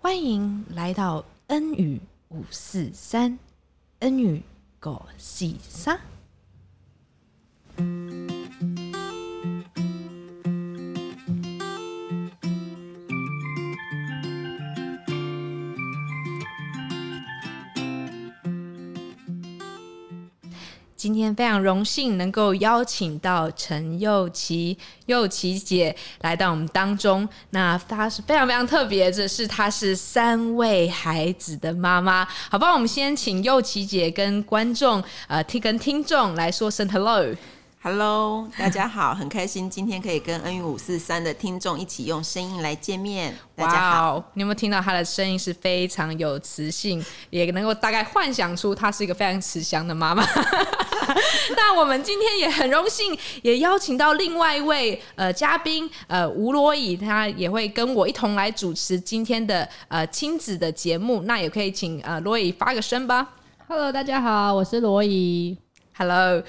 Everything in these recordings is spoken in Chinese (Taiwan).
歡迎來到恩語五四三，恩語狗細沙。非常榮幸能夠邀請到陳侑琪、侑琪姐來到我們當中。那她是非常非常特別的是，她是三位孩子的媽媽，好吧？我們先請侑琪姐跟觀眾、呃，聽跟聽眾來說聲 hello。Hello，大家好，很開心今天可以跟 N 五四三的聽眾一起用聲音來見面。大家好，Wow, 你有沒有聽到他的聲音是非常有磁性？ 也能夠大概幻想出他是一個非常慈祥的媽媽。那 我們今天也很榮幸，也邀請到另外一位呃嘉賓呃吳蘿以，他也會跟我一同來主持今天的呃親子的節目。那也可以請呃蘿以發個聲吧。Hello，大家好，我是蘿以。Hello，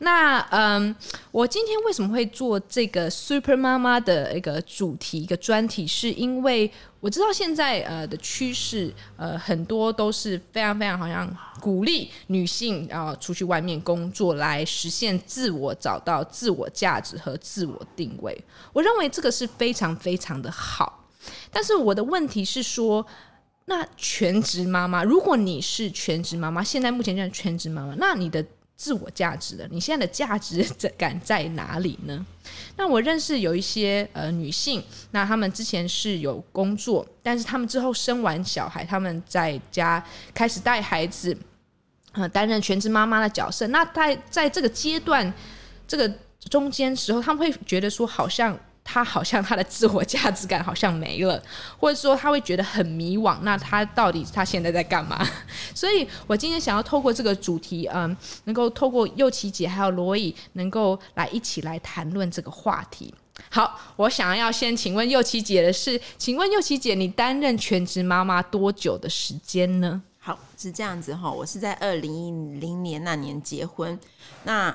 那嗯，我今天為什麼會做這個 Super 媽媽的一個主題一個專題，是因為我知道現在呃的趨勢呃很多都是非常非常好像鼓勵女性啊、呃、出去外面工作來實現自我找到自我價值和自我定位。我認為這個是非常非常的好。但是我的問題是說，那全職媽媽，如果你是全職媽媽，現在目前就是全職媽媽，那你的自我價值的，你現在的價值感在哪裡呢？那我認識有一些呃女性，那她們之前是有工作，但是她們之後生完小孩，她們在家開始帶孩子，呃，擔任全職媽媽的角色。那在在這個階段、這個中間時候，她們會覺得說好像。他好像他的自我價值感好像沒了，或者說他會覺得很迷惘。那他到底他現在在幹嘛？ 所以我今天想要透過這個主題，嗯，能夠透過侑琪姐還有蘿以，能夠來一起來談論這個話題。好，我想要先請問侑琪姐的是，請問侑琪姐，你擔任全職媽媽多久的時間呢？好，是這樣子哈、哦，我是在二零一零年那年結婚，那。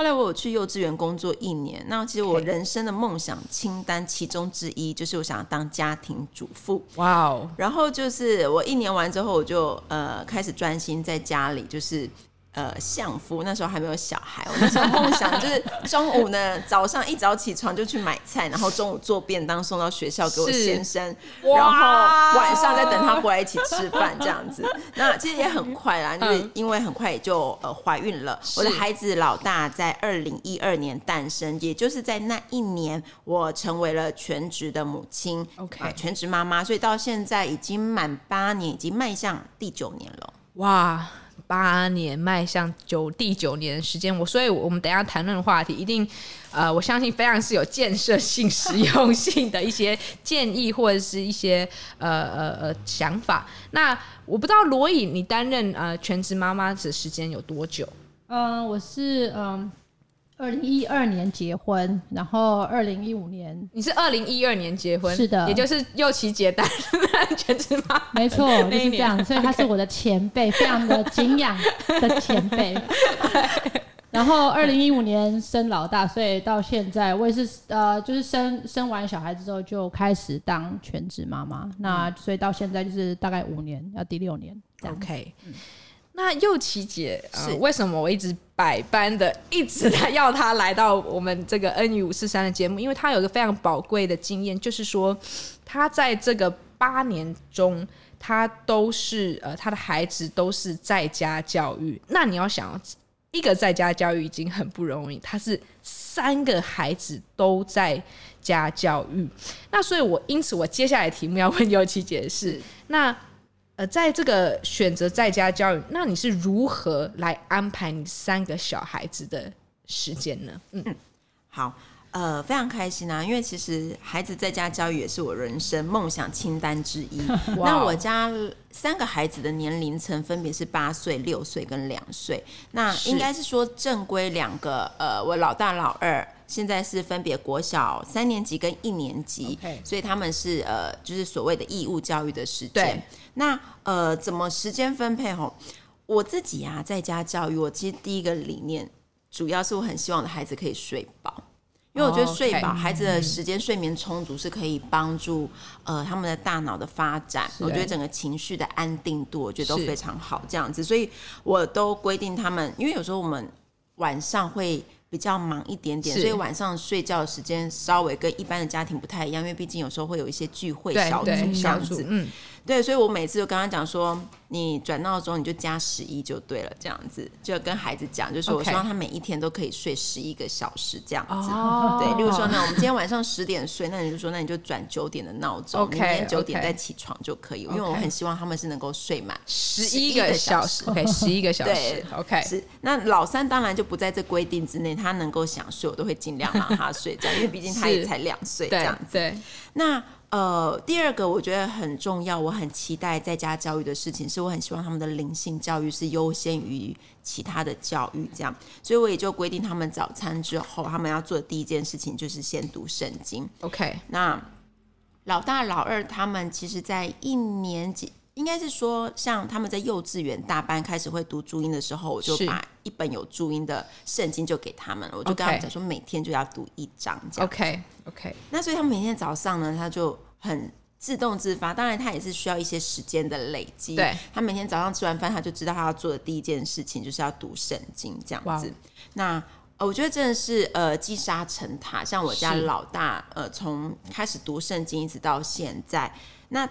後來我有去幼稚園工作一年，那其實我人生的夢想清單其中之一就是我想要當家庭主婦。哇哦！然後就是我一年完之後，我就呃開始專心在家裡，就是。呃，相夫那時候還沒有小孩。哦，我那時候夢想就是中午呢， 早上一早起床就去買菜，然後中午做便當送到學校給我先生，然後晚上再等他回來一起吃飯這樣子。那其實也很快啦，嗯、就是因為很快也就呃懷孕了。我的孩子老大在二零一二年誕生，也就是在那一年，我成為了全職的母親。Okay. 呃、全職媽媽，所以到現在已經滿八年，已經邁向第九年了。哇！八年邁向九第九年的時間，我所以我們等一下談論的話題一定呃，我相信非常是有建設性、實用性的一些建議或者是一些呃呃呃想法。那我不知道蘿以，你擔任呃全職媽媽的時間有多久？嗯、呃，我是嗯。呃二零一二年結婚，然後二零一五年，你是二零一二年結婚，是的，也就是幼期結單 全職媽媽，沒錯，就是這樣。Okay. 所以她是我的前輩， 非常的敬仰的前輩。 然後二零一五年生老大，所以到現在我也是呃，就是生生完小孩之後就開始當全職媽媽。那所以到現在就是大概五年，要第六年。OK、嗯。那侑琪姐是、呃，為什麼我一直百般的一直在要她來到我們這個恩與五四三的節目？ 因為她有一個非常寶貴的經驗，就是說，她在這個八年中，她都是呃，她的孩子都是在家教育。那你要想，一個在家教育已經很不容易，她是三個孩子都在家教育。那所以我，我因此我接下來題目要問侑琪姐的是、嗯、那。呃，在這個選擇在家教育，那你是如何來安排你三個小孩子的時間呢？嗯嗯，好。呃，非常開心啊！因為其實孩子在家教育也是我人生夢想清單之一。Wow. 那我家三個孩子的年齡層分別是八歲、六歲跟兩歲。那應該是說正規兩個呃，我老大老二現在是分別國小三年級跟一年級，Okay. 所以他們是呃，就是所謂的義務教育的時間。對。那呃，怎麼時間分配？吼，我自己呀、啊，在家教育，我其實第一個理念，主要是我很希望我的孩子可以睡飽。因為我覺得睡飽孩子的時間，睡眠充足是可以幫助呃他們的大腦的發展。我覺得整個情緒的安定度，我覺得都非常好。這樣子，所以我都規定他們，因為有時候我們晚上會。比較忙一點點，所以晚上睡覺的時間稍微跟一般的家庭不太一樣，因為畢竟有時候會有一些聚會、小組這樣子，嗯，對，所以我每次就跟他講說，你轉鬧鐘你就加十一就對了，這樣子就跟孩子講，就是說我希望他每一天都可以睡十一個小時這樣子。哦、okay.，對，例如說呢，那我們今天晚上十點睡，那你就說那你就轉九點的鬧鐘， 明天九點再起床就可以，okay. 因為我很希望他們是能夠睡滿十一個小時。OK，十一個小時。 對，OK。是，那老三當然就不在這規定之內。他能夠想睡，我都會盡量讓他睡覺， 因為畢竟他也才兩歲這樣子。那呃，第二個我覺得很重要，我很期待在家教育的事情，是我很希望他們的靈性教育是優先於其他的教育這樣。所以我也就規定他們早餐之後，他們要做的第一件事情就是先讀聖經。OK，那老大老二他們其實，在一年級。應該是說，像他們在幼稚園大班開始會讀注音的時候，我就把一本有注音的聖經就給他們了。我就跟他講說，每天就要讀一章。OK OK。那所以，他們每天早上呢，他就很自動自發。當然，他也是需要一些時間的累積。對，他每天早上吃完飯，他就知道他要做的第一件事情就是要讀聖經這樣子。那我覺得真的是呃積沙成塔。像我家老大呃，從開始讀聖經一直到現在，那。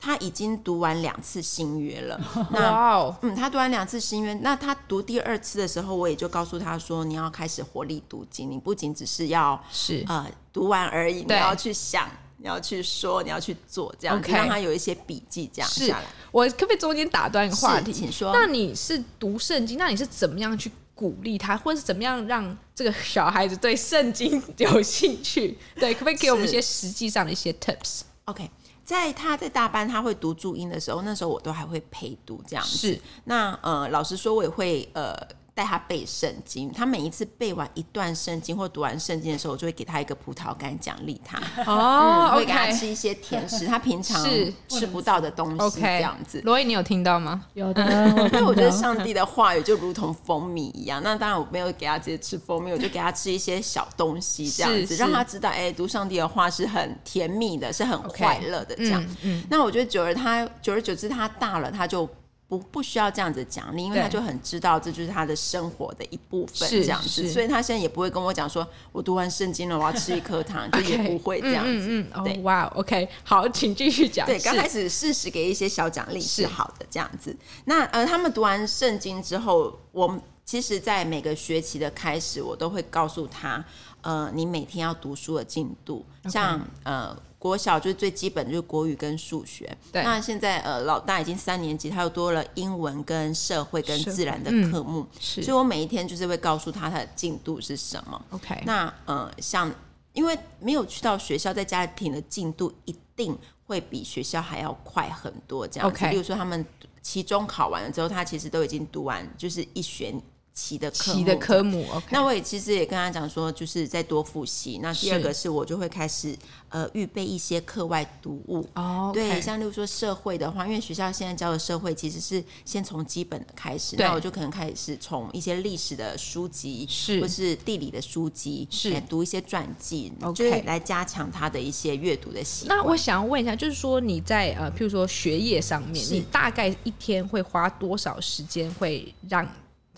他已經讀完兩次新約了。哇、wow、哦！嗯，他讀完兩次新約，那他讀第二次的時候，我也就告訴他說：“你要開始活力讀經，你不僅只是要是呃讀完而已，你要去想，你要去說，你要去做，這樣、okay、讓他有一些筆記這樣下來。”是，我可不可以中間打斷一個話題？請說。那你是讀聖經，那你是怎麼樣去鼓勵他，或者是怎麼樣讓這個小孩子對聖經有興趣？ 對，可不可以給我們一些實際上的一些 tips？OK。Okay 在他在大班他會讀注音的時候，那時候我都還會陪讀這樣子。是，那呃，老實說，我也會呃。帶他背聖經，他每一次背完一段聖經或讀完聖經的時候，我就會給他一個葡萄乾獎勵他。哦，我、嗯嗯 okay. 會給他吃一些甜食，他平常是吃不到的東西。這樣子。蘿以，okay.，你有聽到嗎？有，對、嗯， 因為我覺得上帝的話語就如同蜂蜜一樣。那當然我沒有給他直接吃蜂蜜，我就給他吃一些小東西，這樣子讓他知道，哎、欸，讀上帝的話是很甜蜜的，是很快樂的這樣、okay. 嗯嗯。那我覺得久而他，久而久之他大了，他就。不不需要這樣子獎勵，因為他就很知道這就是他的生活的一部分這樣子，樣子所以他現在也不會跟我講說，我讀完聖經了我要吃一顆糖， 就也不會這樣子。Okay. 嗯嗯對，哇、Oh, wow.，OK，好，請繼續講。對，剛開始適時給一些小獎勵是好的，這樣子。那、呃、他們讀完聖經之後，我其實，在每個學期的開始，我都會告訴他，呃，你每天要讀書的進度，像、Okay. 呃。國小就是最基本的就是國語跟數學。對，那現在呃，老大已經三年級，他又多了英文跟社會跟自然的科目。嗯，是，所以我每一天就是會告訴他他的進度是什麼。OK，那呃，像因為沒有去到學校，在家庭的進度一定會比學校還要快很多。這樣，okay，比如說他們期中考完了之後，他其實都已經讀完，就是一學。期的的科目、的科目，okay，那我也其實也跟他講說，就是再多複習。那第二個是我就會開始呃，預備一些課外讀物。哦、okay，對，像例如說社會的話，因為學校現在教的社會其實是先從基本的開始。對，那我就可能開始從一些歷史的書籍，或是地理的書籍，是、欸、讀一些傳記，OK，來加強他的一些閱讀的習慣。那我想要問一下，就是說你在呃，譬如說學業上面，你大概一天會花多少時間會讓？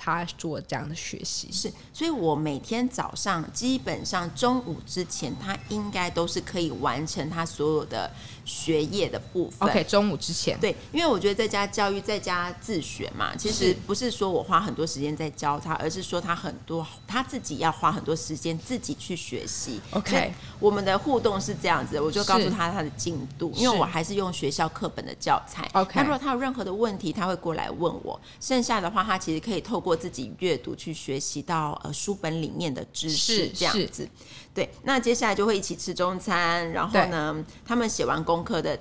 他做這樣的學習是，所以我每天早上，基本上中午之前，他應該都是可以完成他所有的，學業的部分，OK，中午之前，對，因為我覺得在家教育，在家自學嘛，其實不是說我花很多時間在教他，而是說他很多他自己要花很多時間自己去學習。OK，我們的互動是這樣子的，我就告訴他他的進度，因為我還是用學校課本的教材。OK，那如果他有任何的問題，他會過來問我。剩下的話，他其實可以透過自己閱讀去學習到呃書本裡面的知識，是這樣子。對，那接下來就會一起吃中餐，然後呢，他們寫完功課的，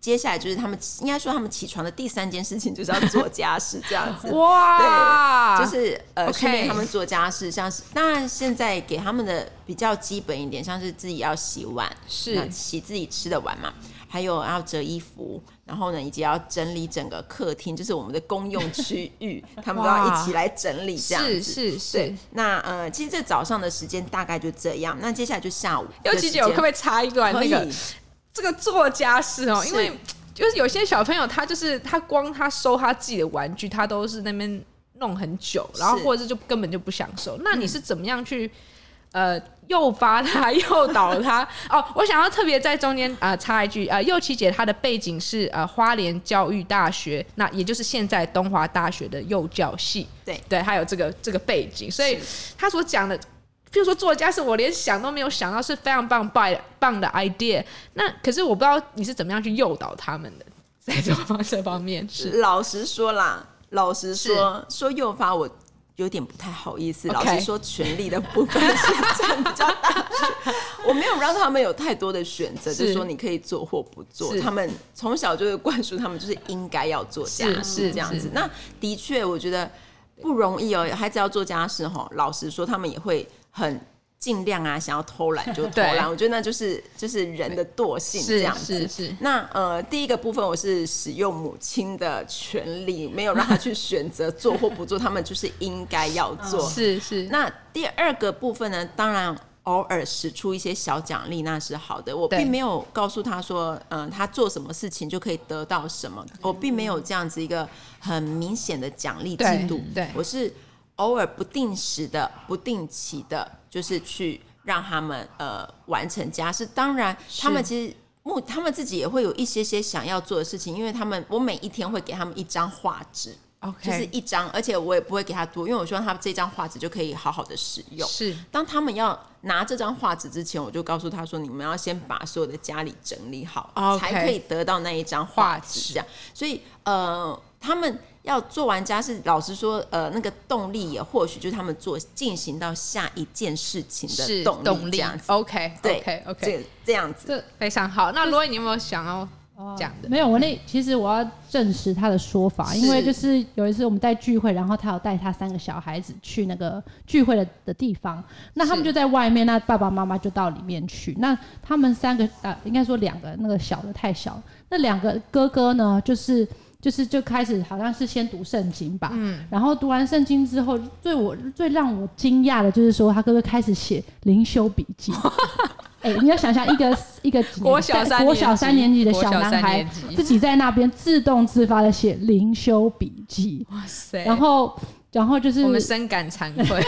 接下來就是他們應該說他們起床的第三件事情就是要做家事這樣子， 哇，就是呃，看、okay. 見他們做家事，像是那現在給他們的比較基本一點，像是自己要洗碗，是洗自己吃的碗嘛，還有要折衣服。然後呢，以及要整理整個客廳，就是我們的公用區域， 他們都要一起來整理，這樣是是是。那呃，其實這早上的時間大概就這樣。那接下來就下午。侑琪姐，我可不可以插一段那個這個做家事哦？因為就是有些小朋友，他就是他光他收他自己的玩具，他都是那邊弄很久，然後或者是就根本就不想收。那你是怎麼樣去？嗯呃，誘發他，誘導他。 哦，我想要特別在中間啊、呃、插一句，呃，侑琪姐她的背景是呃花蓮教育大學，那也就是現在東華大學的幼教系，對對，她有這個這個背景，所以她所講的，譬如說作家是我連想都沒有想到，是非常棒棒的 idea。那可是我不知道你是怎麼樣去誘導他們的，在這方這方面，是老實說啦，老實說說誘發我。有點不太好意思，okay. 老實說，權力的部分是占比較大。 我沒有讓他們有太多的選擇，就是說你可以做或不做。他們從小就是灌輸，他們就是應該要做家事這樣子。那的確，我覺得不容易哦、喔。孩子要做家事、喔，哈，老實說，他們也會很。儘量啊，想要偷懶就偷懶。我覺得那就是就是人的惰性這樣子。是，是，是。那呃，第一個部分我是使用母親的權利，沒有讓他去選擇做或不做， 他們就是應該要做。嗯、是是。那第二個部分呢，當然偶爾使出一些小獎勵那是好的。我並沒有告訴他說，嗯、呃，他做什麼事情就可以得到什麼。我並沒有這樣子一個很明顯的獎勵制度，對。對，我是。偶爾不定時的、不定期的，就是去讓他們呃完成家事。當然，他們其實目他們自己也會有一些些想要做的事情，因為他們我每一天會給他們一張畫紙，Okay. 就是一張，而且我也不會給他多，因為我希望他們這張畫紙就可以好好的使用。是，當他們要拿這張畫紙之前，我就告訴他說：“你們要先把所有的家裡整理好，Okay. 才可以得到那一張畫紙。”這樣，所以呃，他們。要做完家事老實說，呃，那個動力也或許就是他們做進行到下一件事情的動力,動力這樣子。OK，, okay, okay 對，OK，OK，、okay. 這樣子。這非常好。那蘿以，你有沒有想要講的這、呃？沒有，我那其實我要證實他的說法，因為就是有一次我們在聚會，然後他有帶他三個小孩子去那個聚會的的地方，那他們就在外面，那爸爸媽媽就到裡面去，那他們三個呃，應該說兩個那個小的太小的，那兩個哥哥呢就是。就是就開始好像是先讀聖經吧，然後讀完聖經之後，最我最讓我驚訝的就是說，他哥哥開始寫靈修筆記，欸。你要想象一個一個國小國小三年級的小男孩自己在那邊自動自發的寫靈修筆記。哇塞！然後然後就是我們深感慚愧。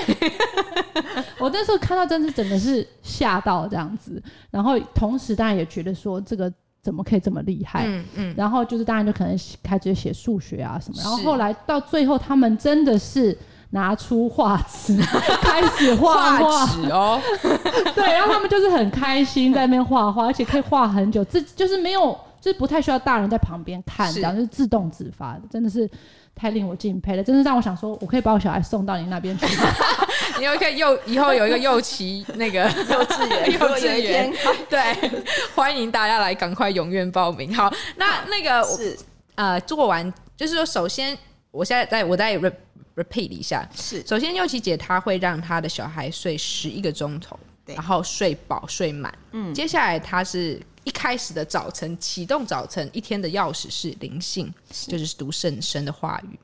我那時候看到真是真的是嚇到這樣子，然後同時大家也覺得說這個。怎麼可以這麼厲害？嗯嗯，然後就是當然就可能開始寫數學啊什麼，然後後來到最後他們真的是拿出畫紙 開始畫畫， 畫紙哦， 對，然後他們就是很開心在那邊畫畫， 而且可以畫很久，這就是沒有，就是不太需要大人在旁邊看這樣，然後、就是自動自發的，真的是。太令我敬佩了，真是讓我想說，我可以把我小孩送到你那邊去， 你又可以幼以後有一個侑琪 那個幼稚園幼稚園，對， 歡迎大家來，趕快踴躍報名好。好，那那個是呃，做完就是說，首先我現在再我再 repeat 一下，是首先侑琪姐她會讓她的小孩睡十一個鐘頭，然後睡飽睡滿，嗯，接下來她是。一開始的早晨，啟動早晨一天的鑰匙是靈性是，就是讀聖神的話語。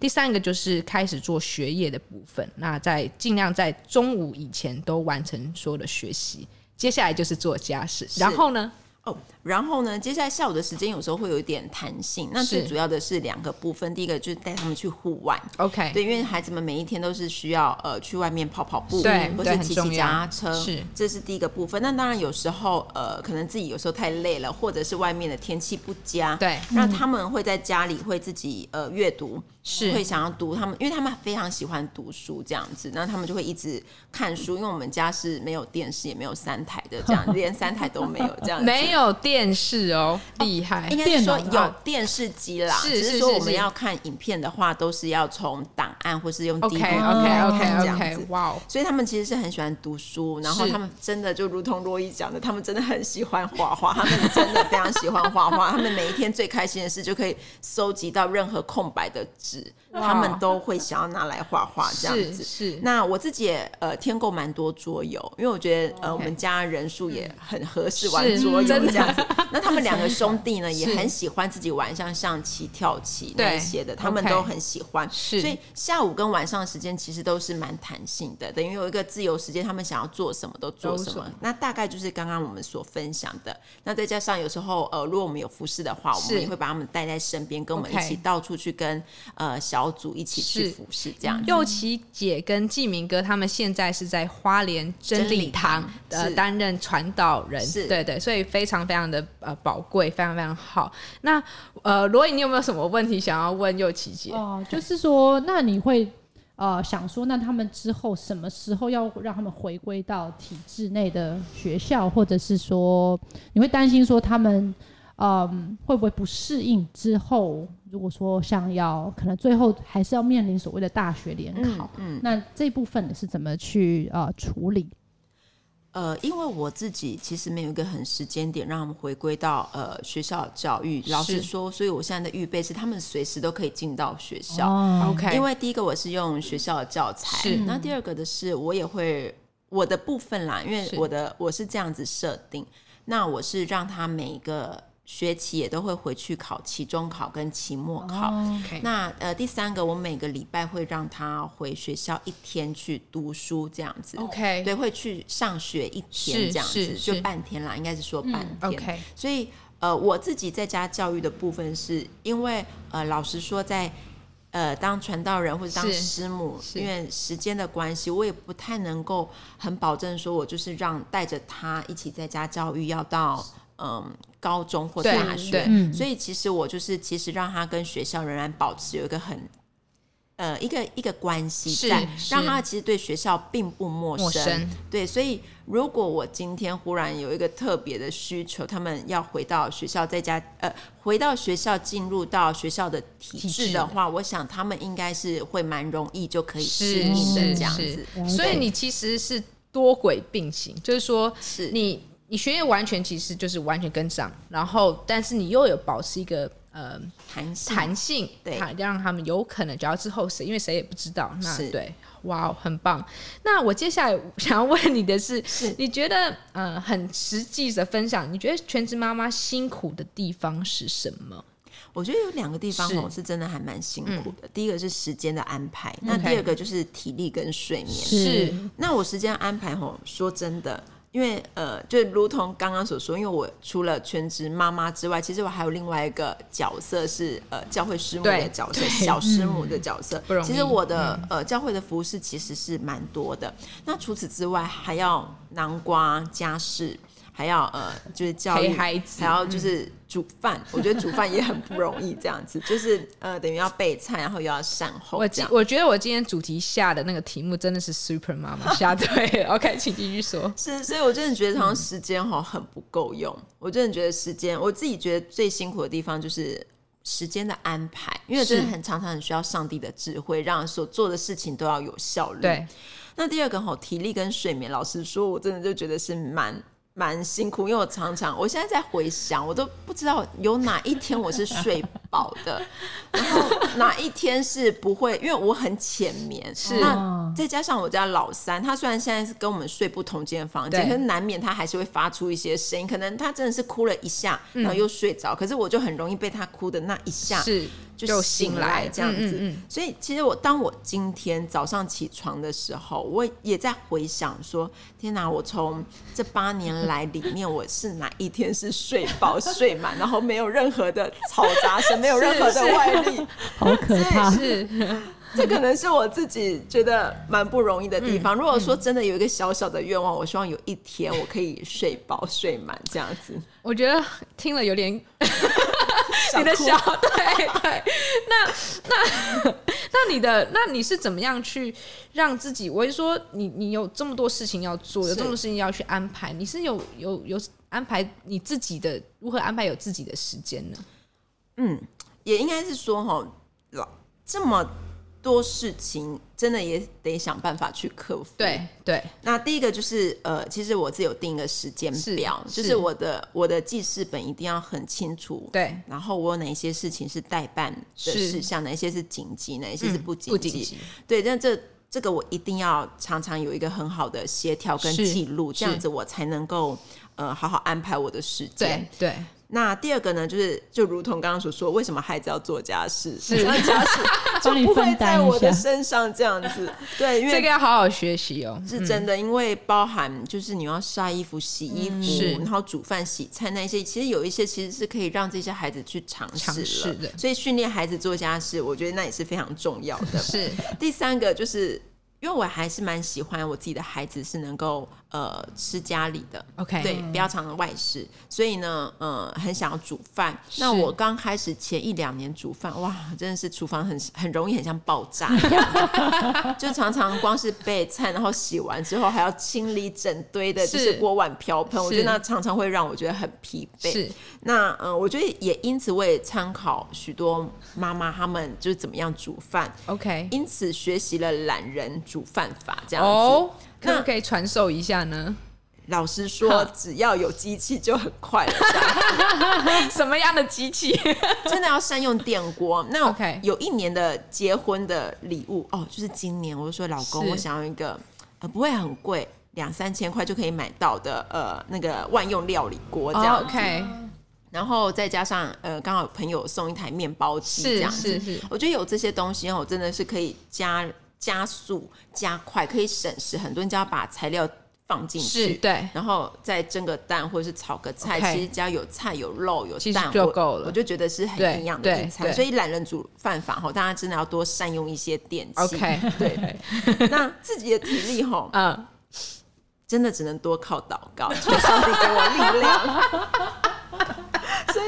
第三個就是開始做學業的部分，那在盡量在中午以前都完成所有的學習。接下來就是做家事，然後呢？哦、oh，然後呢？接下來下午的時間有時候會有一點彈性。那最主要的是兩個部分，第一個就是帶他們去戶外，OK？對，因為孩子們每一天都是需要呃去外面跑跑步，或是騎騎腳踏車，是，這是第一個部分。那當然有時候呃，可能自己有時候太累了，或者是外面的天氣不佳，對，那他們會在家裡會自己呃閱讀。是會想要讀他們，因為他們非常喜歡讀書這樣子，那他們就會一直看書。因為我們家是沒有電視也沒有三台的這樣子，連三台都沒有這樣子。 沒有電視哦，厲害！哦、應該說有電視機啦，是是是是是，只是說我們要看影片的話，都是要從檔案或是用 DVD 來看這樣子。哇、okay, okay, okay, okay, wow！所以他們其實是很喜歡讀書，然後他們真的就如同蘿以講的，他們真的很喜歡畫畫，他們真的非常喜歡畫畫， 他們每一天最開心的事就可以收集到任何空白的。他們都會想要拿來畫畫這樣子。是。是。那我自己也呃添購蠻多桌遊，因為我覺得、oh, okay. 呃我們家人數也很合適玩桌遊這樣子。那他們兩個兄弟呢也很喜歡自己玩像象棋、跳棋那些的，他們都很喜歡。是、okay。所以下午跟晚上的時間其實都是蠻彈性的，等於有一個自由時間，他們想要做什麼都做什麼。什麼那大概就是剛剛我們所分享的。那再加上有時候呃如果我們有服事的話，我們也會把他們帶在身邊，跟我們一起到處去跟、okay. 呃小。老祖一起去服侍，這樣。侑琪姐跟紀明哥他們現在是在花蓮真理堂呃擔任傳道人，對，對對，所以非常非常的呃寶貴，非常非常好。那呃蘿以，你有沒有什麼問題想要問侑琪姐？哦，就是說，那你會呃想說，那他們之後什麼時候要讓他們回歸到體制內的學校，或者是說，你會擔心說他們？嗯，會不會不適應？之後如果說想要可能最後還是要面臨所謂的大學聯考，嗯嗯，那這部分是怎麼去呃處理？呃，因為我自己其實沒有一個很時間點讓他們回歸到呃學校教育。老實說，所以我現在的預備是他們隨時都可以進到學校。啊、OK，因為第一個我是用學校的教材，那第二個的是我也會我的部分啦，因為我的是我是這樣子設定，那我是讓他每一個。學期也都會回去考期中考跟期末考。Oh, okay. 那呃，第三個，我每個禮拜會讓他回學校一天去讀書，這樣子。OK，對，會去上學一天，這樣子就半天啦，應該是說半天。嗯 okay. 所以呃，我自己在家教育的部分，是因為呃，老實說在，在呃當傳道人或者當師母，因為時間的關係，我也不太能夠很保證說，我就是讓帶着他一起在家教育，要到。嗯，高中或大學，嗯、所以其實我就是其實讓他跟學校仍然，保持有一個很呃一個一個關係，但讓他其實對學校並不陌生，陌生。對，所以如果我今天忽然有一個特別的需求、嗯，他們要回到學校，在家呃回到學校進入到學校的體制的話，的我想他們應該是會蠻容易就可以適應這樣子。所以你其實是多軌並行，就是說你。是你學業完全其實就是完全跟上，然後但是你又有保持一個呃彈性，彈性，對，要讓他們有可能，只要之後誰，因為誰也不知道，那是對，哇，很棒。那我接下來想要問你的是，是你覺得呃很實際的分享，你覺得全職媽媽辛苦的地方是什麼？我覺得有兩個地方吼是真的還蠻辛苦的、嗯，第一個是時間的安排、嗯，那第二個就是體力跟睡眠。是，那我時間安排吼，說真的。因為呃，就如同剛剛所說，因為我除了全職媽媽之外，其實我還有另外一個角色是呃教會師母的角色，小師母的角色。嗯、其實我的呃教會的服事其實是蠻多的、嗯。那除此之外，還要南瓜家事。還要呃，就是教育孩子，還要就是煮飯、嗯。我覺得煮飯也很不容易，這樣子 就是呃，等於要備菜，然後又要善後。我我覺得我今天主題下的那個題目真的是 Super 媽媽，下對。 OK，請繼續說。是，所以我真的覺得常常時間哈很不夠用。我真的覺得時間，我自己覺得最辛苦的地方就是時間的安排，因為真的很常常很需要上帝的智慧，讓所做的事情都要有效率。對。那第二個好，體力跟睡眠，老實說，我真的就覺得是蠻。蠻辛苦，因為我常常，我現在在回想，我都不知道有哪一天我是睡飽的， 然後哪一天是不會，因為我很淺眠，是，那再加上我家老三，他雖然現在是跟我們睡不同間房間，可是難免他還是會發出一些聲音，可能他真的是哭了一下，然後又睡着、嗯，可是我就很容易被他哭的那一下是。就醒來這樣子，嗯嗯嗯，所以其實我當我今天早上起床的時候，我也在回想說：天哪，啊，我從這八年來裡面，我是哪一天是睡飽 睡滿，然後沒有任何的嘈雜聲， 沒有任何的外力，好可怕！這可能是我自己覺得蠻不容易的地方，嗯。如果說真的有一個小小的願望，我希望有一天我可以睡飽 睡滿這樣子。我覺得聽了有點。 你的小，小對，對，對， 那那那你的那你是怎麼樣去讓自己？我是說你，你你有這麼多事情要做，有這麼多事情要去安排，你是有有有安排你自己的如何安排有自己的時間呢？嗯，也應該是說，哈，老這麼多事情真的也得想辦法去克服。對對，那第一個就是呃，其實我自己有定一個時間表，是是就是我的我的記事本一定要很清楚。對，然後我有哪一些事情是代辦的事項，哪一些是緊急，哪一些是不不緊急？嗯、對，但這這個我一定要常常有一個很好的協調跟記錄，這樣子我才能夠呃好好安排我的時間。對。對那第二個呢，就是就如同剛剛所說，為什麼孩子要做家事？是、啊、家事就不會在我的身上這樣子。啊、對，這個要好好學習哦，是真的。因為包含就是你要曬衣服、洗衣服，嗯、然後煮飯、洗菜那些，其實有一些其實是可以讓這些孩子去嘗試的。所以訓練孩子做家事，我覺得那也是非常重要的。是第三個，就是因為我還是蠻喜歡我自己的孩子是能夠。呃，吃家裡的，OK，對，比較常外食。所以呢，嗯、呃，很想要煮飯。那我剛開始前一兩年煮飯，哇，真的是廚房很很容易，很像爆炸一樣、啊， 就常常光是備菜，然後洗完之後還要清理整堆的，就是鍋碗瓢盆，我覺得那常常會讓我覺得很疲憊。是，那嗯、呃，我覺得也因此我也參考許多媽媽他們就是怎麼樣煮飯，OK，因此學習了懶人煮飯法這樣子。Oh? 可不可以傳授一下呢？老實說，只要有機器就很快了 什麼樣的機器？ 真的要善用電鍋。那有一年的結婚的禮物、okay. 哦，就是今年我就說，老公，我想要一個呃，不會很貴，兩三千塊就可以買到的呃，那個萬用料理鍋這樣。Oh, OK，然後再加上呃，剛好朋友送一台麵包機，是是是。我覺得有這些東西我真的是可以加。加速、加快，可以省時。很多人就要把材料放進去，對，然後再蒸個蛋或者是炒個菜，okay. 其實只要有菜、有肉、有蛋就夠了我。我就覺得是很營養的一餐，所以懶人煮飯法哈，大家真的要多善用一些電器。Okay. 對，okay. 那自己的體力吼，嗯， 真的只能多靠禱告，求上帝給我力量。 所以，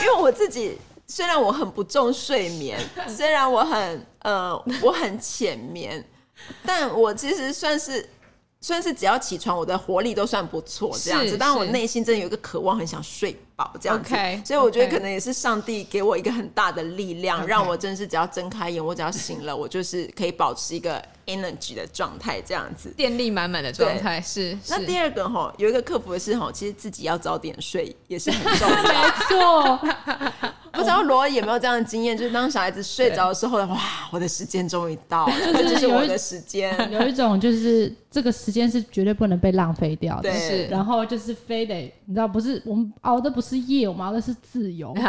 因為我自己。雖然我很不重睡眠， 雖然我很呃我很淺眠， 但我其實算是算是只要起床，我的活力都算不錯這樣子。但我內心真的有一個渴望，很想睡飽這樣子。Okay, 所以我覺得可能也是上帝給我一個很大的力量，okay，讓我真是只要睜開眼，我只要醒了，我就是可以保持一個。Energy 的狀態，這樣子，電力滿滿的狀態是，是。那第二個哈，有一個克服的是哈，其實自己要早點睡也是很重要。沒錯。不知道蘿以有沒有這樣的經驗，就是當小孩子睡着的時候哇，我的時間終於到，就是這、就是我的時間。有一種就是這個時間是絕對不能被浪費掉的，對。是然後就是非得你知道，不是我們熬的不是夜，我們熬的是自由。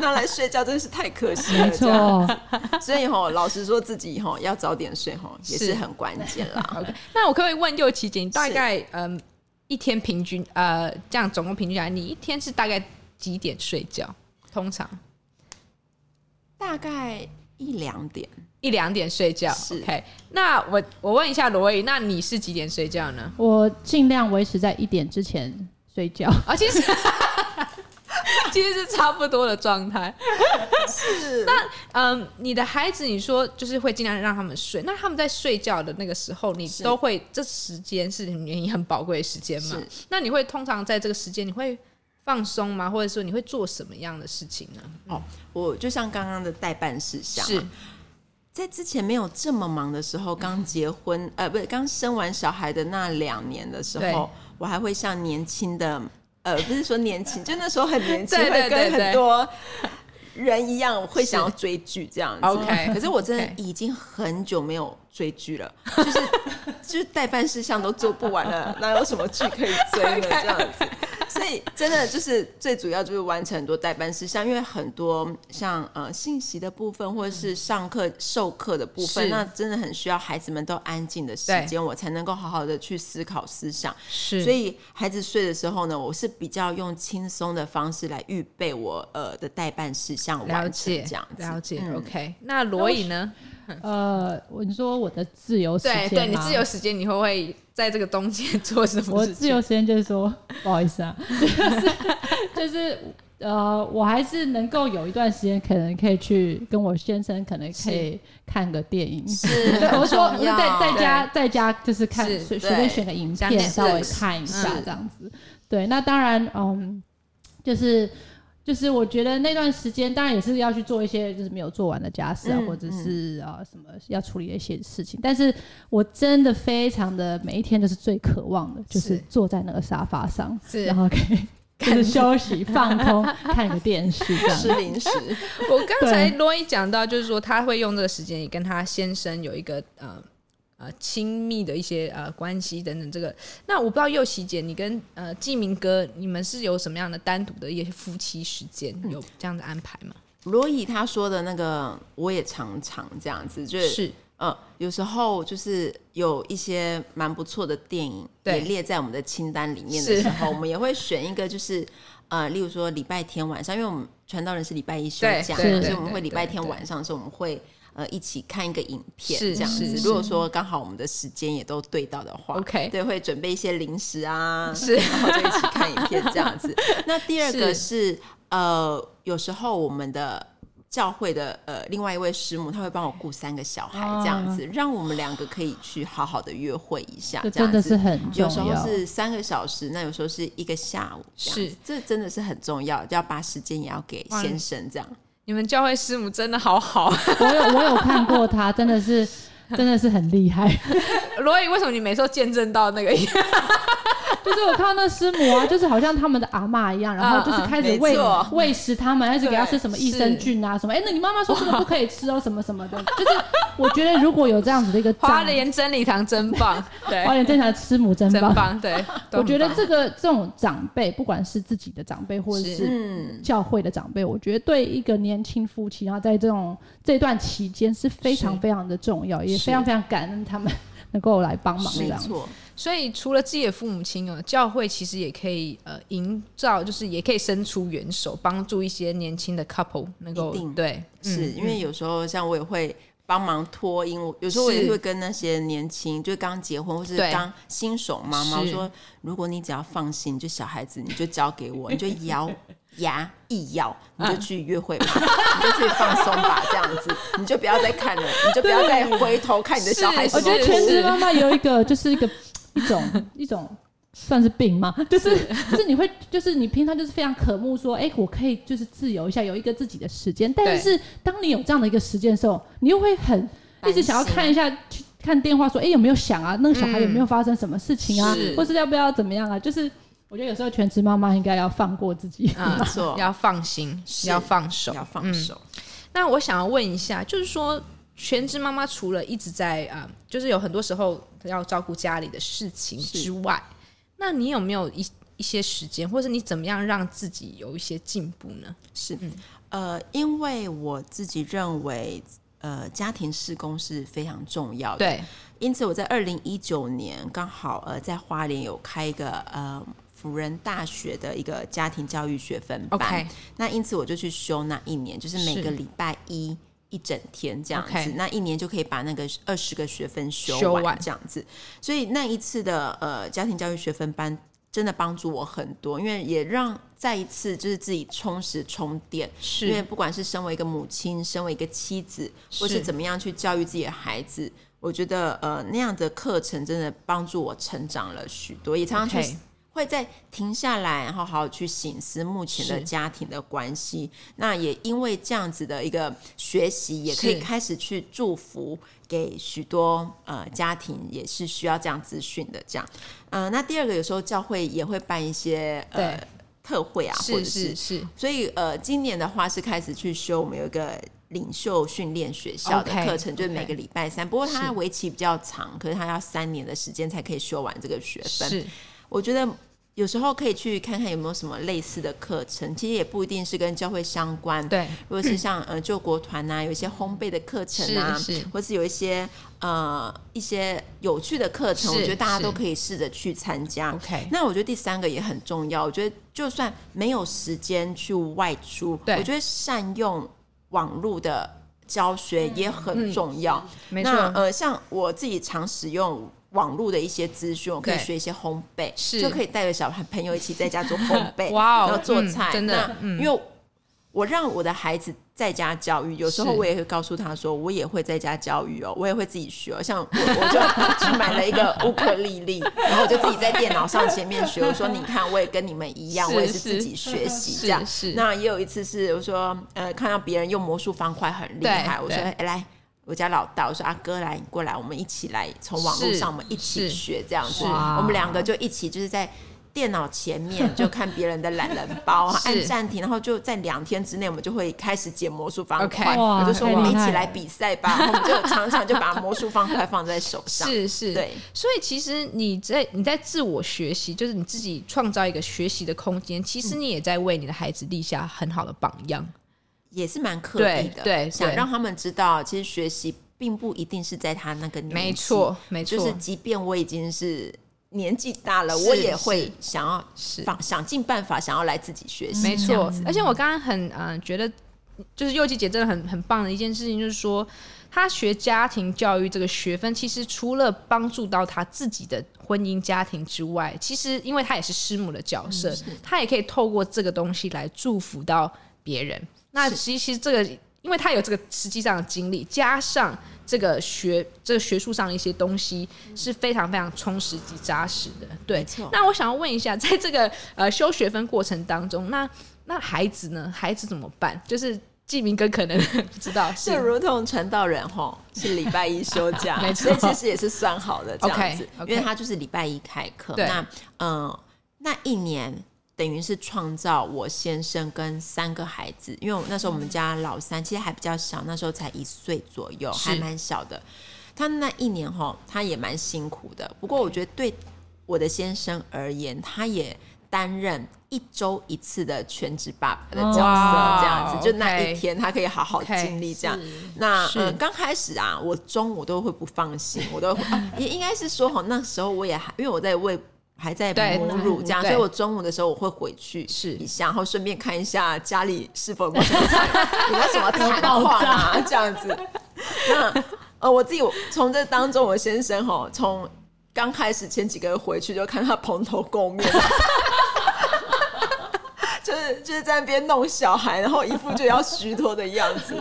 拿來睡覺真是太可惜了這樣，錯。所以吼，老實說自己吼，要早點睡吼，是也是很關鍵啦。 okay, 那我可不可以問侑琪姐，大概嗯一天平均呃這樣總共平均下來，你一天是大概幾點睡覺？通常大概一兩點，一兩點睡覺。是，okay, 那我我問一下蘿以，那你是幾點睡覺呢？我盡量維持在一點之前睡覺。啊、 哦，其實。 其實是差不多的狀態，是。 那嗯，你的孩子，你說就是會盡量讓他們睡。那他們在睡覺的那個時候，你都會這時間是原因很寶貴的時間嗎？是。那你會通常在這個時間，你會放鬆嗎？或者說你會做什麼樣的事情呢？哦，我就像剛剛的待辦事項、啊，是在之前沒有這麼忙的時候，剛結婚、嗯、呃，不是剛生完小孩的那兩年的時候，我還會像年輕的。呃，不是說年輕，就那時候很年輕，對對對對，會跟很多人一樣，會想要追劇這樣子。Okay, OK，可是我真的已經很久沒有。追劇了，就是 就是代辦事項都做不完了，哪 有什麼劇可以追呢？ 這樣子，所以真的就是最主要就是完成很多代辦事項，因為很多像呃信息的部分或者是上課授課的部分，那真的很需要孩子們都安靜的時間，我才能夠好好的去思考思想。是，所以孩子睡的時候呢，我是比較用輕鬆的方式來預備我的呃的代辦事項完成這樣子。了解，了解，嗯，了解，OK。那蘿以呢？呃，我你說我的自由時間嗎對，對，你自由時間，你會不會在這個冬天做什麼？我自由時間就是說，不好意思啊， 就是、就是、呃，我還是能夠有一段時間，可能可以去跟我先生，可能可以看個電影，是， 對，我說你在在家在家就是看隨便選個影片稍微看一下這樣子。是是對，那當然，嗯，就是。就是我覺得那段時間，當然也是要去做一些就是沒有做完的家事啊，嗯、或者是啊、嗯、什麼要處理的一些事情。但是我真的非常的每一天就是最渴望的，就是坐在那個沙發上，是然後可以看休息、放空、 看個電視、吃零食。我剛才蘿以講到，就是說他會用這個時間也跟他先生有一個、呃呃，親密的一些呃關係等等，這個，那我不知道侑琪姐，你跟呃紀明哥，你們是有什麼樣的單獨的一些夫妻時間，嗯，有這樣的安排嗎？蘿以他說的那個，我也常常這樣子，就是嗯、呃，有時候就是有一些蠻不錯的電影也列在我們的清單裡面的時候，我們也會選一個，就是呃，例如說禮拜天晚上，因為我們傳道人是禮拜一休假對，所以我們會禮拜天晚上的時候，我們會。呃，一起看一個影片，是這樣子。如果說剛好我們的時間也都對到的話，OK，對，會準備一些零食啊，是，然後就一起看影片這樣子。 那第二個是，是呃，有時候我們的教會的呃，另外一位師母，他會幫我顧三個小孩這樣子，啊，讓我們兩個可以去好好的約會一下這樣子，這真的是很重要。有時候是三個小時，那有時候是一個下午這樣子，是，這真的是很重要，就要把時間也要給先生這樣。嗯你們教會師母真的好好，我有我有看過他， 真的是真的是很厲害。蘿以，為什麼你每次見證到那個？ 就是我看到那師母啊，就是好像他們的阿嬤一樣，然後就是開始餵餵、嗯嗯、食他們，還是給他吃什麼益生菌啊什麼？哎、欸，那你媽媽說這個不可以吃哦，什麼什麼的。就是我覺得如果有這樣子的一個，花蓮真理堂真棒，對， 花蓮真理堂的師母真棒，真棒，對，都很棒，我覺得這個這種長輩，不管是自己的長輩或者是教會的長輩，我覺得對一個年輕夫妻啊，然後在這種這段期間是非常非常的重要，也非常非常感恩他們。能夠來幫忙，沒錯。所以除了自己的父母親，教會其實也可以呃營造，就是也可以伸出援手，幫助一些年輕的 couple 能夠。一定對，嗯、是因為有時候像我也會幫忙拖，因、嗯、為有時候我也會跟那些年輕，就是剛結婚或是剛新手媽媽說，如果你只要放心，就小孩子你就交給我， 你就搖。牙一咬，你就去約會吧、啊，你就去放鬆吧， 這樣子你就不要再看了， 你就不要再回頭看你的小孩。我覺得全職媽媽有一個， 就是一個一種一種算是病嗎？是就是就是你會就是你平常就是非常渴慕說，哎、欸，我可以就是自由一下，有一個自己的時間。但是當你有這樣的一個時間的時候，你又會很一直想要看一下去看電話，說，哎、欸，有沒有想啊？那個小孩有沒有發生什麼事情啊？嗯、是或是要不要怎麼樣啊？就是。我覺得有時候全職媽媽應該要放過自己、嗯，沒 要放心，要放手，要放手、嗯。那我想要問一下，就是說全職媽媽除了一直在啊、呃，就是有很多時候要照顧家裡的事情之外，那你有沒有一一些時間，或是你怎麼樣讓自己有一些進步呢？是、嗯，呃，因為我自己認為，呃，家庭事工是非常重要的，對。因此我在二零一九年剛好呃在花蓮有開一個呃。輔仁大學的一個家庭教育學分班，okay. 那因此我就去修那一年，就是每個禮拜一一整天這樣子，okay. 那一年就可以把那個二十個學分修完這樣子。所以那一次的呃家庭教育學分班真的幫助我很多，因為也讓再一次就是自己充實充電，因為不管是身為一個母親，身為一個妻子，或是怎麼樣去教育自己的孩子，我覺得呃那樣的課程真的幫助我成長了許多，也常常去。會再停下來，然後好好去省思目前的家庭的關係。那也因為這樣子的一個學習，也可以開始去祝福給許多呃家庭，也是需要這樣資訊的。這樣，嗯、呃，那第二個有時候教會也會辦一些呃特會啊，是是是，或者是是。所以呃，今年的話是開始去修，我們有一個領袖訓練學校的課程，okay, 就是每個禮拜三。Okay、不過它為期比較長，可是它要三年的時間才可以修完這個學分。我覺得。有時候可以去看看有沒有什麼類似的課程，其實也不一定是跟教會相關。對，如果是像、嗯、呃救國團吶、啊，有一些烘焙的課程啊是是，或是有一些呃一些有趣的課程，我覺得大家都可以試着去參加。OK，那我覺得第三個也很重要。我覺得就算沒有時間去外出，對，我覺得善用網絡的教學也很重要。嗯嗯、那沒錯，呃，像我自己常使用。網絡的一些資訊，我可以學一些烘焙，是，就可以帶着小朋友一起在家做烘焙， 哇哦，然後做菜。嗯、真的，嗯、因為，我讓我的孩子在家教育，有時候我也會告訴他說，我也會在家教育哦、喔，我也會自己學、喔。像我，我就去買了一個烏克麗麗， 然後我就自己在電腦上前面學。 我說，你看，我也跟你們一樣，是是，我也是自己學習這樣是是。那也有一次是我說，呃，看到別人用魔術方塊很厲害，我說、欸、來。我家老大，我說：“阿哥來，你過來，我們一起來從網絡上，我們一起學這樣子。我們兩個就一起，就是在電腦前面就看別人的懶人包，按暫停，然後就在兩天之內，我們就會開始解魔術方塊。我就說我們一起來比賽吧。我們就常常就把魔術方塊放在手上。是是，對。所以其實你在你在自我學習，就是你自己創造一個學習的空間。其實你也在為你的孩子立下很好的榜樣。”也是蠻刻意的對，對，想讓他們知道，其實學習並不一定是在他那個年代。沒錯，沒錯。就是即便我已經是年紀大了，我也會想要是，想盡辦法想要來自己學習，沒、嗯、錯。而且我剛剛很、呃、嗯覺得，就是侑琪姐真的很很棒的一件事情，就是說他學家庭教育這個學分，其實除了幫助到他自己的婚姻家庭之外，其實因為他也是師母的角色，他、嗯、也可以透過這個東西來祝福到別人。那其實這個，因為他有這個實際上的經歷，加上這個學這個學術上的一些東西、嗯，是非常非常充實及扎實的。對，那我想要問一下，在這個呃修學分過程當中，那那孩子呢？孩子怎麼辦？就是繼明哥可能不知道，是就如同傳道人吼，是禮拜一休假 沒錯，所以其實也是算好的這樣子，okay, okay 因為他就是禮拜一開課。那嗯、呃，那一年。等於是創造我先生跟三個孩子，因為那時候我們家老三、嗯、其實還比較小，那時候才一歲左右，還蠻小的。他那一年哈，他也蠻辛苦的。不過我覺得對我的先生而言，他也擔任一周一次的全職爸爸的角色，這樣子、嗯，就那一天他可以好好經歷。這樣。Okay, okay, 那剛、嗯、開始啊，我中午都會不放心， 我都會、啊、也應應該是說哈，那時候我也還因為我在餵。還在哺乳這樣所以我中午的時候我會回去試一下，然後順便看一下家裡是否有, 有,沒有什麼狀況啊，這樣子。 那呃，我自己從這當中，我先生吼，從剛開始前幾個月回去就看他蓬頭垢面， 就是就是在那邊弄小孩，然後一副就要虛脫的樣子，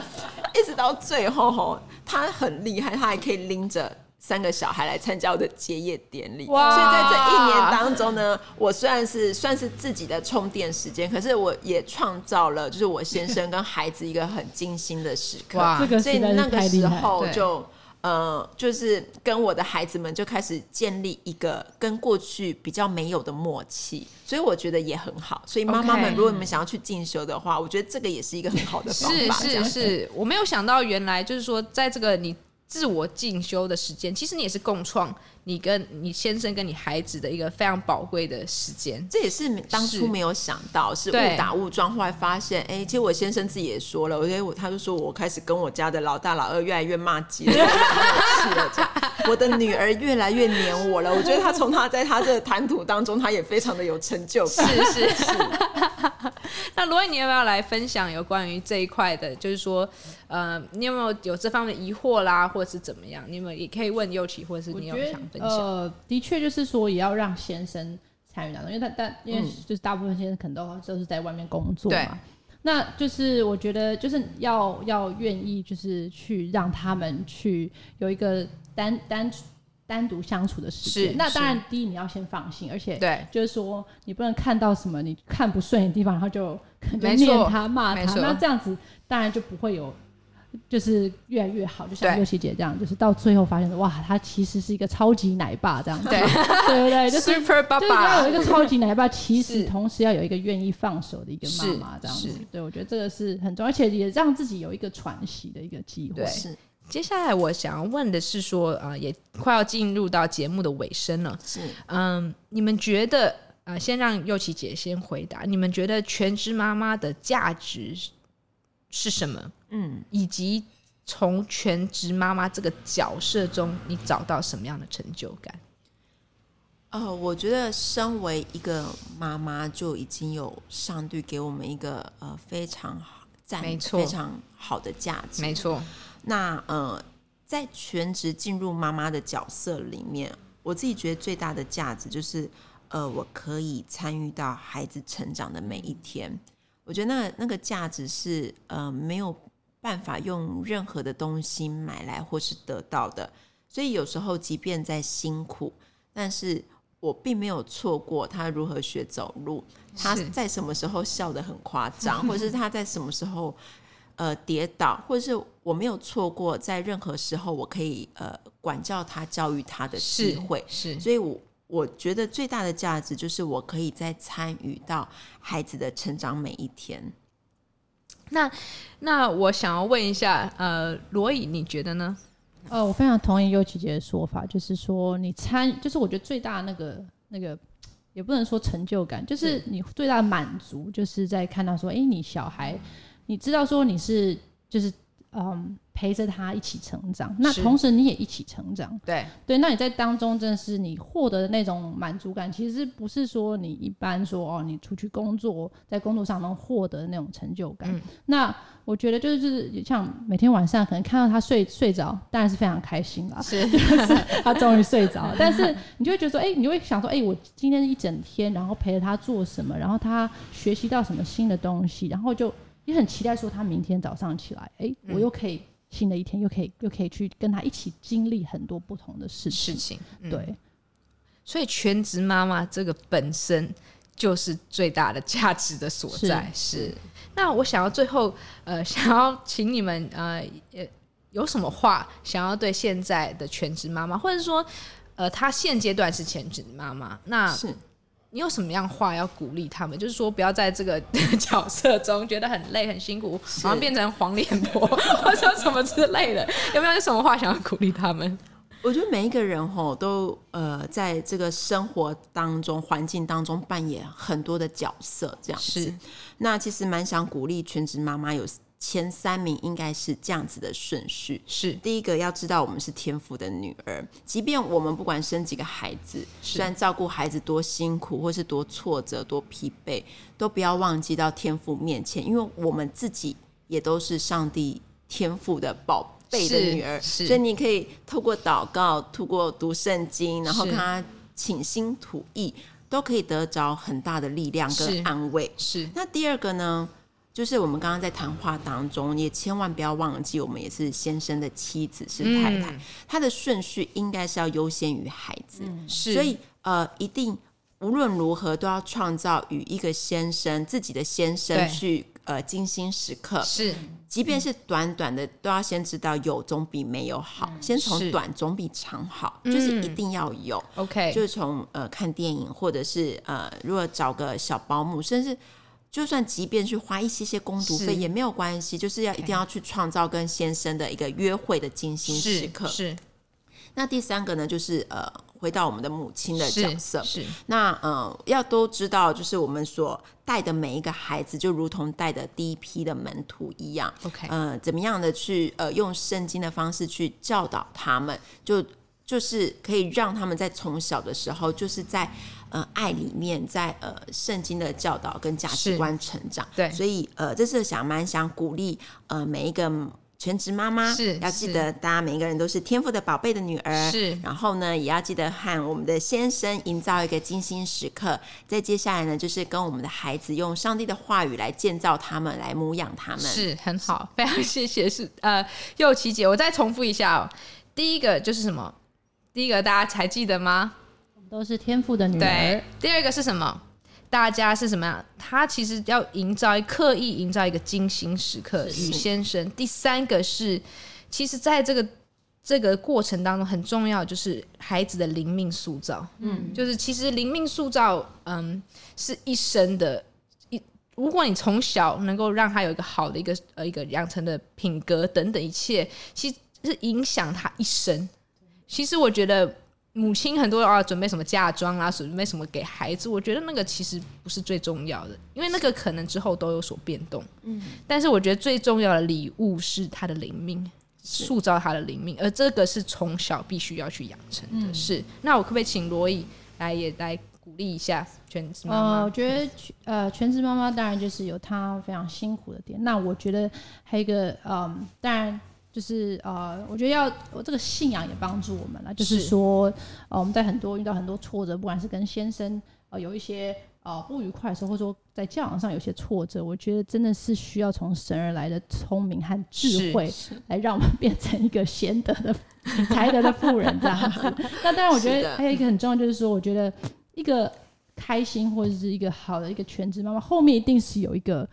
一直到最後吼，他很厲害，他還可以拎着。三個小孩來參加我的結業典禮，哇，所以在這一年當中呢，我算是算是自己的充電時間，可是我也創造了就是我先生跟孩子一個很精心的時刻，所以那個時候就，嗯、呃，就是跟我的孩子們就開始建立一個跟過去比較沒有的默契，所以我覺得也很好。所以媽媽們，如果你們想要去進修的話，我覺得這個也是一個很好的方法。是是是，我沒有想到原來就是說在這個你。自我進修的時間，其實你也是共創，你跟你先生跟你孩子的一個非常寶貴的時間。這也是當初沒有想到，是誤打誤撞後來發現，哎、欸，其實我先生自己也說了，我覺得我他就說我開始跟我家的老大、老二越來越罵街了 我的女兒越來越黏我了。我覺得他從他在他這談吐當中， 他也非常的有成就感。是是是。 那蘿以你要不要來分享有關於這一塊的？就是說，呃，你有沒有有這方面疑惑啦，或者是怎麼樣？你們也可以問侑琪，或者是你有想分享？呃，的確，就是說也要讓先生參與當中，因為他、但，但因為就是大部分先生可能都都是在外面工作嘛，嗯。那就是我覺得就是要要願意就是去讓他們去有一個單單。單獨相處的時間，那當然第一你要先放心，而且對，就是說你不能看到什麼你看不順的地方，然後就就念他罵他，那這樣子當然就不會有，就是越來越好。就像侑琪姐這樣，就是到最後發現哇，他其實是一個超級奶爸這樣子，對不對？對，對，就是 super 爸爸要、就是、有一個超級奶爸，其實同時要有一個願意放手的一個媽媽這樣子。對，我覺得這個是很重要，而且也讓自己有一個喘息的一個機會。對接下來我想要問的是說，啊、呃，也快要進入到節目的尾聲了。是，嗯、呃，你們覺得，啊、呃，先讓侑琪姐先回答。你們覺得全職媽媽的價值是什麼？嗯，以及從全職媽媽這個角色中，你找到什麼樣的成就感？哦、呃，我覺得身為一個媽媽，就已經有上帝給我們一個呃非常好、讚、非常好的價值，沒錯。那呃，在全職進入媽媽的角色裡面，我自己覺得最大的價值就是，呃，我可以參與到孩子成長的每一天。我覺得那那個價值是呃沒有辦法用任何的東西買來或是得到的。所以有時候即便再辛苦，但是我並沒有錯過他如何學走路，他在什麼時候笑得很誇張，或者是他在什麼時候。呃，跌倒，或者是我沒有錯過，在任何時候，我可以呃管教他、教育他的智慧。是，是所以我，我我覺得最大的價值就是我可以再參與到孩子的成長每一天。那那我想要問一下，呃，蘿以，你覺得呢？呃，我非常同意侑琪姐的說法，就是說你參，就是我覺得最大那個那個，也不能說成就感，就是你最大的滿足，就是在看到說，哎、欸，你小孩。你知道說你是就是嗯陪着他一起成長，那同時你也一起成長，對對。那你在當中，真的是你獲得的那種滿足感，其實不是說你一般說哦，你出去工作在工作上能獲得的那種成就感。嗯、那我覺得就是就像每天晚上可能看到他睡睡着，當然是非常開心了，是， 是他終於睡着。 但是你就會覺得說，欸，你會想說，欸，我今天一整天，然後陪着他做什麼，然後他學習到什麼新的東西，然後就。也很期待說他明天早上起來，誒、欸，我又可以新的一天，嗯、又可以又可以去跟他一起經歷很多不同的事情。事情、嗯、對，所以全職媽媽這個本身就是最大的價值的所在是。是，那我想要最後呃，想要請你們呃，呃，有什麼話想要對現在的全職媽媽，或者說呃，她現階段是全職媽媽，那是。你有什麼樣的話要鼓勵他們？就是說，不要在這個角色中覺得很累、很辛苦，然後變成黃臉婆或者說什麼之類的。有沒有什麼話想要鼓勵他們？我覺得每一個人吼都呃，在這個生活當中、環境當中扮演很多的角色，這樣子是。那其實蠻想鼓勵全職媽媽有。前三名應該是這樣子的順序：是第一個要知道我們是天父的女兒，即便我們不管生幾個孩子，雖然照顧孩子多辛苦，或是多挫折、多疲憊，都不要忘記到天父面前，因為我們自己也都是上帝天父的寶貝的女兒。所以你可以透過禱告、透過讀聖經，然後看他傾心吐意，都可以得着很大的力量跟安慰。是，是那第二個呢？就是我們剛剛在談話當中，也千萬不要忘記，我們也是先生的妻子，是太太，嗯、她的順序應該是要優先於孩子、嗯，是，所以呃，一定無論如何都要創造與一個先生自己的先生去呃精心時刻，是，即便是短短的、嗯，都要先知道有總比沒有好，嗯、先從短總比長好、嗯，就是一定要有，OK，就是從呃看電影，或者是呃如果找個小保姆，甚至。就算即便去花一些些工讀費也沒有關係，就是要一定要去創造跟先生的一個約會的精心時刻。是。是那第三個呢，就是呃，回到我們的母親的角色。是。是那嗯、呃，要都知道，就是我們所帶的每一個孩子，就如同帶的第一批的門徒一樣。嗯、Okay. 呃，怎麼樣的去呃，用聖經的方式去教導他們，就就是可以讓他們在從小的時候，就是在。呃，愛裡面在，在呃聖經的教導跟價值觀成長，對，所以呃，這次想蠻想鼓勵呃每一個全職媽媽，是要記得，大家每一個人都是天賦的寶貝的女兒，是。然後呢，也要記得和我們的先生營造一個精心時刻。再接下來呢，就是跟我們的孩子用上帝的話語來建造他們，來牧養他們，是很好，非常謝謝。是呃，侑琪姐，我再重複一下哦、喔，第一個就是什麼？第一個大家還記得嗎？都是天賦的女人。對，第二個是什麼？大家是什麼樣啊？他其實要營造，刻意營造一個精心時刻與先生。第三個是，其實，在這個這個過程當中，很重要就是孩子的靈命塑造。嗯，就是其實靈命塑造，嗯，是一生的。一，如果你從小能夠讓他有一個好的一個呃一個養成的品格等等一切，其實是影響他一生。其實我覺得。母親很多都啊，準備什麼嫁妝啊，準備什麼給孩子？我覺得那個其實不是最重要的，因為那個可能之後都有所變動。嗯，但是我覺得最重要的禮物是他的靈命，塑造他的靈命，而這個是從小必須要去養成的。嗯。是。那我可不可以請蘿以來也來鼓勵一下全職媽媽。哦，我覺得呃，全職媽媽當然就是有她非常辛苦的點。那我覺得還有一個嗯，當然。就是呃，我覺得要我這個信仰也幫助我們了。就是說，呃，我們在很多遇到很多挫折，不管是跟先生呃有一些呃不愉快的時候，或者說在教養上有些挫折，我覺得真的是需要從神而來的聰明和智慧，來讓我們變成一個賢德的、才德的婦人，這樣子。 那當然，我覺得還有一個很重要，就是說，我覺得一個開心或者是一個好的一個全職媽媽，後面一定是有一個。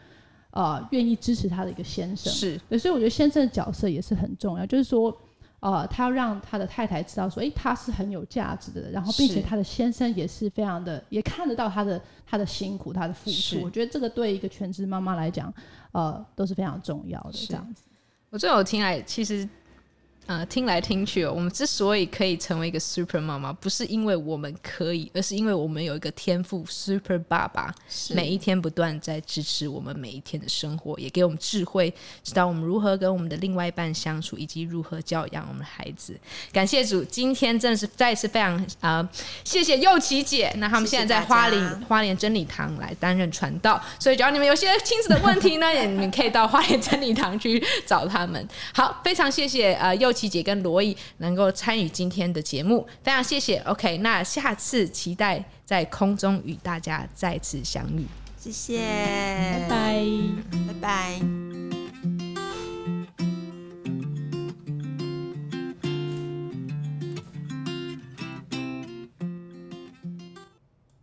呃，願意支持他的一個先生，是對，所以我覺得先生的角色也是很重要，就是說，呃，他要讓他的太太知道說，哎、欸，他是很有價值的，然後並且他的先生也是非常的，也看得到他的他的辛苦，他的付出，我覺得這個對一個全職媽媽來講，呃，都是非常重要的，這樣子。我最後聽來，其實。呃，聽來聽去，我們之所以可以成為一個 super 媽媽，不是因為我們可以，而是因為我們有一個天父 super 爸爸，每一天不斷在支持我們每一天的生活，也給我們智慧，知道我們如何跟我們的另外一半相處，以及如何教養我們的孩子。感謝主，今天真的是再次非常啊、呃，謝謝侑琪姐謝謝。那他們現在在花蓮花蓮真理堂來擔任傳道，所以只要你們有些親子的問題呢， 你們可以到花蓮真理堂去找他們。好，非常謝謝啊侑。呃琪姐跟蘿以能夠參與今天的節目，非常謝謝。OK，那下次期待在空中與大家再次相遇。謝謝，拜拜，拜拜。